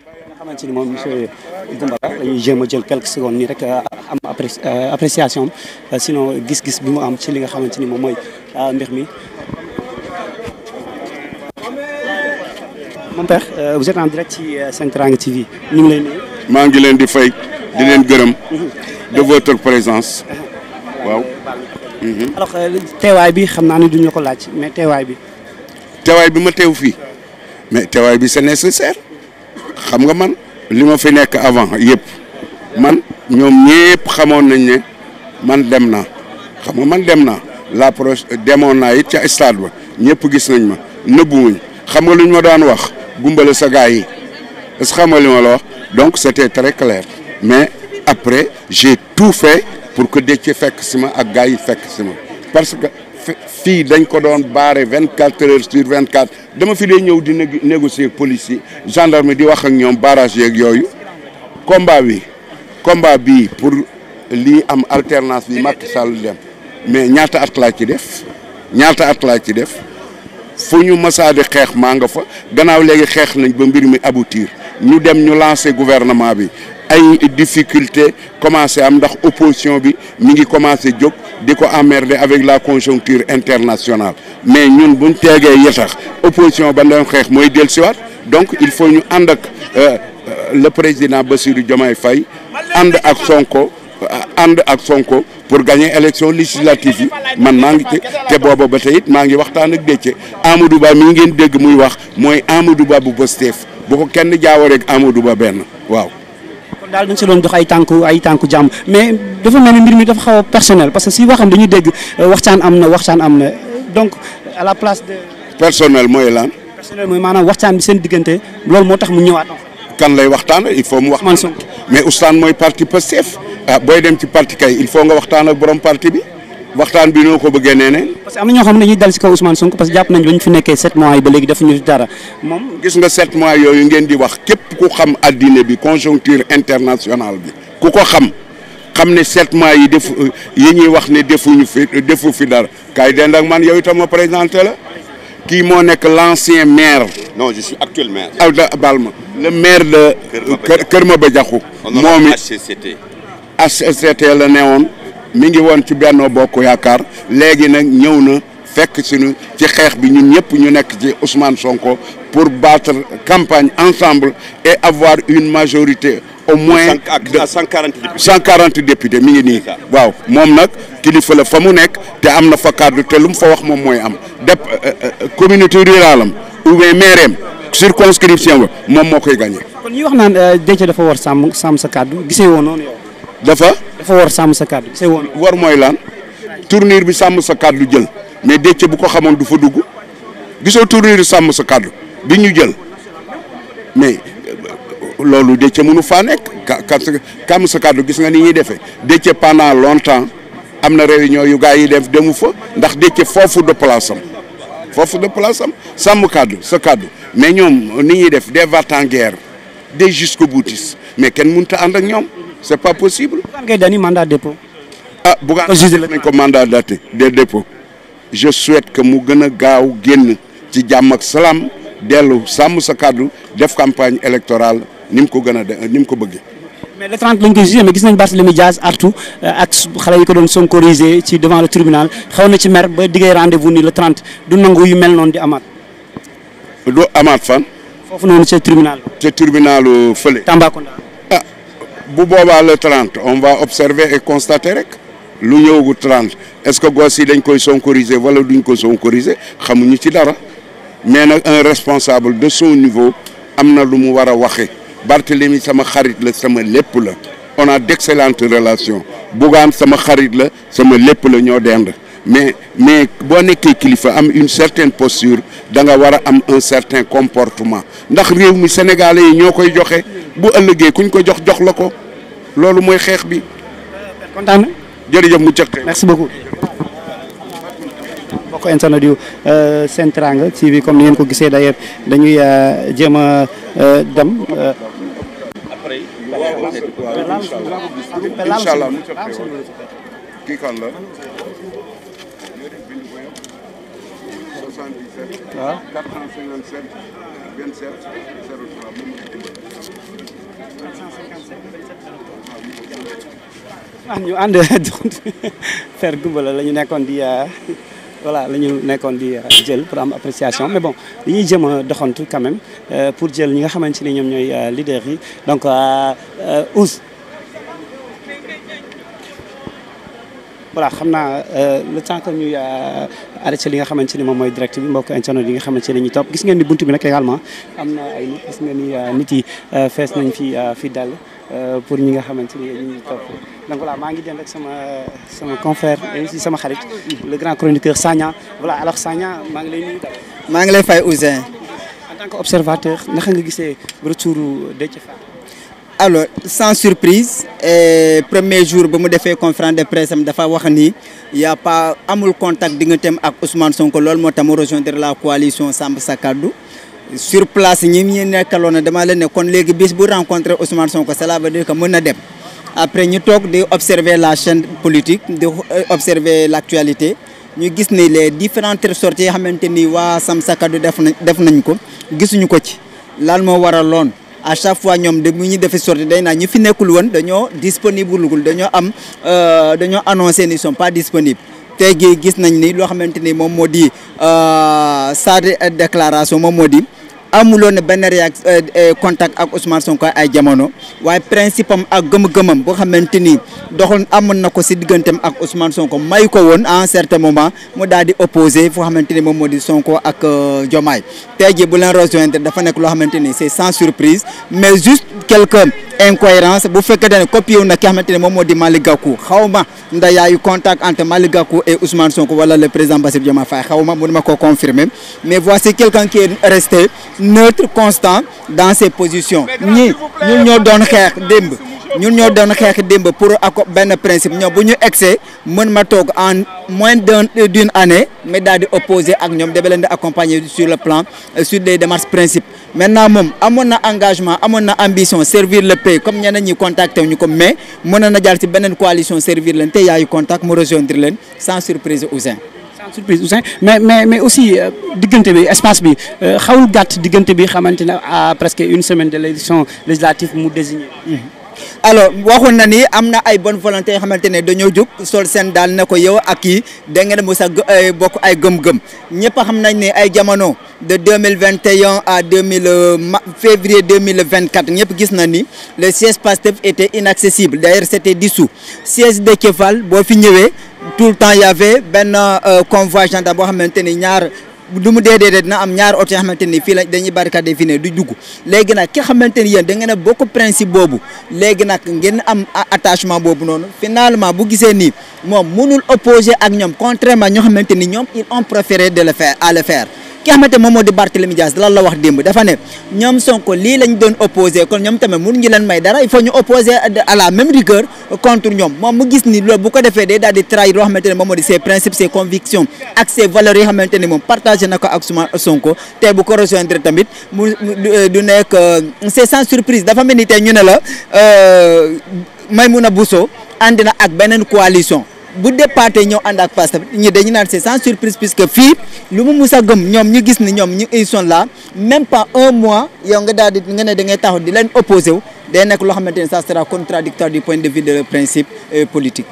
nga xamante ni moom monsieur Goumbala ñuy jéem a jël quelques secondes nii rek euh, am euh, appréciation sinon gis-gis bi mu am ci li nga xamante ni moom mooy euh, mbir mi. mon père vous êtes en direct ci Sen Teranga TV ñu ngi lay maa ngi leen di fay di leen gërëm. de votre présence. waaw. Mhm. teewaay bi xam naa ne duñ la ko laaj mais teewaay bi. teewaay bi ma teew fii mais teewaay bi c'est nécessaire. xam nga man li ma fi nekk avant yëpp man ñoom ñëpp xamoon nañ ne man dem na xam nga man dem na la proche demoon naa it ca stade ba ñëpp gis nañ ma nëbbuwuñ xam nga lu ñu ma daan wax gumbale sa gars yi est-ce que xam nga li la wax donc c'était très clair mais après j'ai tout fait pour que Déthié fekk si ma ak gars yi fekk si ma parce que fii dañ ko doon baare vingt quatre heures sur vingt quatre dama fi dee ñëw di négocier police yi gendarme di wax ak ñoom barrage yeeg yooyu combat bi combat bi pour li am alternance bi Macky Sall dem mais ñaata at laa ci def ñaata at laa ci def fu ñu mësaa di xeex maa nga fa ganaaw léegi xeex nañ ba mbir mi aboutir ñu dem ñu lancer gouvernement bi ay difficulté commencé am ndax opposition bi mi ngi commencé jóg di ko emmerder avec la conjoncture international mais ñun buñ teegee yetax opposition ba doon xeex mooy si dellusiwaat donc il faut ñu ànd ak euh, euh, le président Bassirou Diomaye Faye ànd ak Sonko euh, ànd ak Sonko pour gagner élection législative yi man maa ngi te booba ba tey it maa ngi waxtaan ak Déthié Amadou Ba mi ngeen dégg muy wax mooy Amadou Ba bu Pastef bu ko kenn jaawoo rek Amadou Ba benn waaw daal dañ si doon dox ay tànku ay tànku jàmm mais dafa mel ni mbir mi dafa xaw personnel parce que si waxam dañu dégg euh, waxtaan am na waxtaan am na donc à la place de. personnel mooy lan. personnel mooy maanaam waxtaan bi seen diggante loolu moo tax mu ñëwaat. kan lay waxtaan il faut mu wax. mais Ousmane mooy parti Pastef ah booy dem ci parti kay il faut nga waxtaan ak borom parti bi. waxtaan bi noo ko bëggee nee ne parce que am na ñoo xam ne dañuy dal si kaw Ousmane Sonko parce que jàpp nañ ba ñu fi nekkee sept mois yi ba léegi defuñu dara moom. gis nga sept mois yooyu ngeen di wax képp ku xam addina bi conjoncture internationale bi ku ko xam xam ne sept mois yi def yi ñuy wax ne defuñu fi defu fi dara kaay dend ak man yow itam ma présenté la kii moo nekk l' ancien maire. non je suis actuel maire. ah da ma le maire de. Kër ma Maba Diakhou moom it HCCT. HCCT la newoon. mi ngi woon ci Benno Bokk Yaakaar léegi nag ñëw na fekk si ñu ci xeex bi ñun ñëpp ñu nekk ci Ousmane Sonko pour battre campagne ensemble et avoir une majorité au moins de cent quarante députés cent quarante députés mi ngi nii. waaw moom nag kilifa la fa mu nekk te am na fa kàddu te lu mu fa wax moom mooy am dep euh, euh, euh, communauté rurale am ou bien maire sur circonscription ba moom moo koy gagné. kon wax naan dafa war sàmm sàmm sa kàddu gisee woon noonu yow. dafa. dafa war sàmm sa kàddu c'est war mooy lan tournure bi sàmm sa kaddu jël mais Déthié bu ko xamoon du fa dugg gisoo tournure sàmm sa kaddu bi ñu jël mais euh, loolu Déthié mënu faa nekk ka sàmm sa kaddu gis nga ni ñuy defee Déthié pendant longtemps am na réunion yu gars yi def demu fa ndax Déthié foofu de place am foofu de place am sàmm kàddu sa kàddu mais ñoom ni ñuy def des va-t-en-guerre des jusqu'au boutiste mais kenn mënut a ànd ñoom c'est pas possible. Bougane Gueye Dany mandat dépôt. ah Bougane nañ ko mandat de dépôt je souhaite que mu gën gaaw génn ci jàmm salaam dellu sàmm sa kàddu def campagne électorale ni mu ko gën a de ni ko bëggee. mais le 30 lañ koy jugé mais gis nañ Barthélémy Dias artu euh, ak xale ko doon sonkorisé ci devant le tribunal xaw na ci mer ba diggee rendez-vous ni le 30 du nangu yu mel noonu di amaat. du amaat fan. foofu noonu ca tribunal. ca tribunal fële. bu boobaa le 30 on va observer et constater rek lu ñëwagu trante est-ce que gos si dañ koy sonkoriser wala duñ ko sonkoriser xamuñu ci dara mais nag un responsable de son niveau am na lu mu war a waxe Barthélemy sama xarit la sama lépp la on a d'excellentes relations Bougane sama xarit la sama lépp la ñoo dend mais mais boo nekkee kilifa am une certaine posture da nga war a am un certain comportement ndax réew mi sénégalais yi ñoo koy joxe. bu ëllëgee kuñ ko jox jox la ko loolu mooy xeex bi. kontaan na. jërëjëf mu cëkk. merci beaucoup. mbokk internet yu euh, Sen ngeen ko gisee d'ailleurs dañuy euh, jéem a euh, dem. ah ñu ànd faire gumbala la ñu nekkoon di euh, voilà la nekkoon di euh, jël pour am appréciation mais bon dañuy jëm a doxantu euh, pour jël ñi nga xamante ni ñoom ñooy leader yi donc Ousse. voilà xam naa euh, le temps que ñuy euh, arrêté li nga xamante ni moom mooy direct bi mbokk internet yi nga xamante ni ñu topp gis ngeen ni buntu bi nag également am na ay nit gis ngeen ni euh, nit yi fees nañ fi fi dal pour ñi nga xamante ni ñu ngi topp donc voilà maa ngi dem rek sama sama confrère et sama xarit le grand chroniqueur Sagna voilà alors Sagna maa ngi lay maa ngi lay fay Ouzin. en tant que observateur nga gisee retour Déthié Fall alors sans surprise eh, premier jour ba mu defee conférence de presse am dafa wax ni y' a pas amul contact digganteem ak Ousmane Sonko loolu moo tax mu rejoindre la coalition Samb sa kaddu sur place ñi ñu nekkaloon na dama leen ne léegi bis bu rencontré Ousmane Sonko cela veut dire que dem après ñu toog di observer la chaîne politique de euh, observer l' actualité ñu gis ni les différentes sorties yi xamante ni waa Samb sa kaddu def nañ def nañ ko gisuñu ko ci lan moo waral loon à chaque fois ñoom de bu ñu defee sorti day na ñu fi nekkul woon dañoo disponible gul dañoo am euh, dañoo annoncé ni sont pas disponibles tey jii gis nañ ni loo xamante ni moom moo di sa euh, déclaration moom moo di. amuloon na benn euh, euh, contact ak Ousmane Sonko ay jamono waaye principam am ak gëm-gëmam boo xamante ni doxal amoon na ko si diggantem ak Ousmane Sonko may ko woon à un certain moment mu daal di opposé foo xamante ni moom moo di Sonko ak euh, Diomaye te jii bu leen rejoindre dafa nekk loo xamante ni c'est sans surprise mais juste quelqu'un bu fekkente ne copié na ki nga xamante ne moom moo ma ndax yaayu contact entre Malick et Ousmane Sonko wala le président Bassirou Diomaye Faye xaw ma mënu ma ko confirmer mais voici quelqu'un qui est resté neutre constant dans ses positions ñi ñun ñoo doon xeex démb ñun ñoo doon xeex démb pour ak benn principe ñoom bu ñu egsee mën ma toog en moins d'une année mais daal di opposé ak ñoom dama leen di sur le plan euh, sur des démarches principes maintenant moom amoon na engagement amoon na ambition servir le pays comme ñeneen ñi contacté ñu ko mais mën na jaar ci beneen coalition servir leen te yaayu contact mu rejoindre leen sans surprise Ouzin. mais mais mais aussi euh, diggante bi espace bi euh, xawul gàtt diggante bi xamante ne à presque une semaine de l'élection législative mu désigné. Mhm. alors waxoon na ni am na ay bonne volonté yoo xamante ne dañoo jóg sol seen daal ne ko yow ak kii da ngeen mos a bokk ay gëm-gëm ñëpp xam nañ ne ay jamono de deux mille vingt et un à deux mille euh, février deux mille vingt quatre ñëpp gis na ni le siège Pastef était inaccessible d'ailleurs c'était dissous siège Déthié Fall boo fi ñëwee tout le temps y avait benn euh, convoi gendarme boo xamante ni ñaar lu mu dee dee dina am ñaari oto yoo xamante ni fii la dañuy barricade fii ne du dugg léegi nag ki xamante ni yéen da ne a bokk principe boobu léegi nag ngeen am attachement boobu noonu finalement bu gisee nii moom mënul opposer ak ñoom contrairement ñoo xamante ni ñoom ils ont préféré de le faire à le faire ki xamante moom moo di Barthélemy Dias lan la wax démb dafa ne ñoom Sonko lii lañ doon opposé kon ñoom tamit mun ngi may dara il faut ñu opposé à la même rigueur contre ñoom moom mu gis ni loolu bu ko defee de daal di trahir loo xamante ne moom moo di ses principes ses convictions ak ses valeurs yi xamante ne moom partagé na ko ak suma Sonko tey bu ko rejoindre tamit mu euh, du nekk euh, c'est sans surprise dafa mel ni tey ñu ne la euh, Maimouna Bousso ànd na ak beneen coalition bu départé ñëw ànd ak Pastef ñi dañu naan c'est sans surprise puisque fii lu mu gëm ñoom ñu gis ni ñoom ñu ils sont là même pas un mois yow nga daal di nga ne da ngay taxaw di leen opposé wu day nekk loo xamante ne ça sera contradictoire du point de vue de le principe euh, politique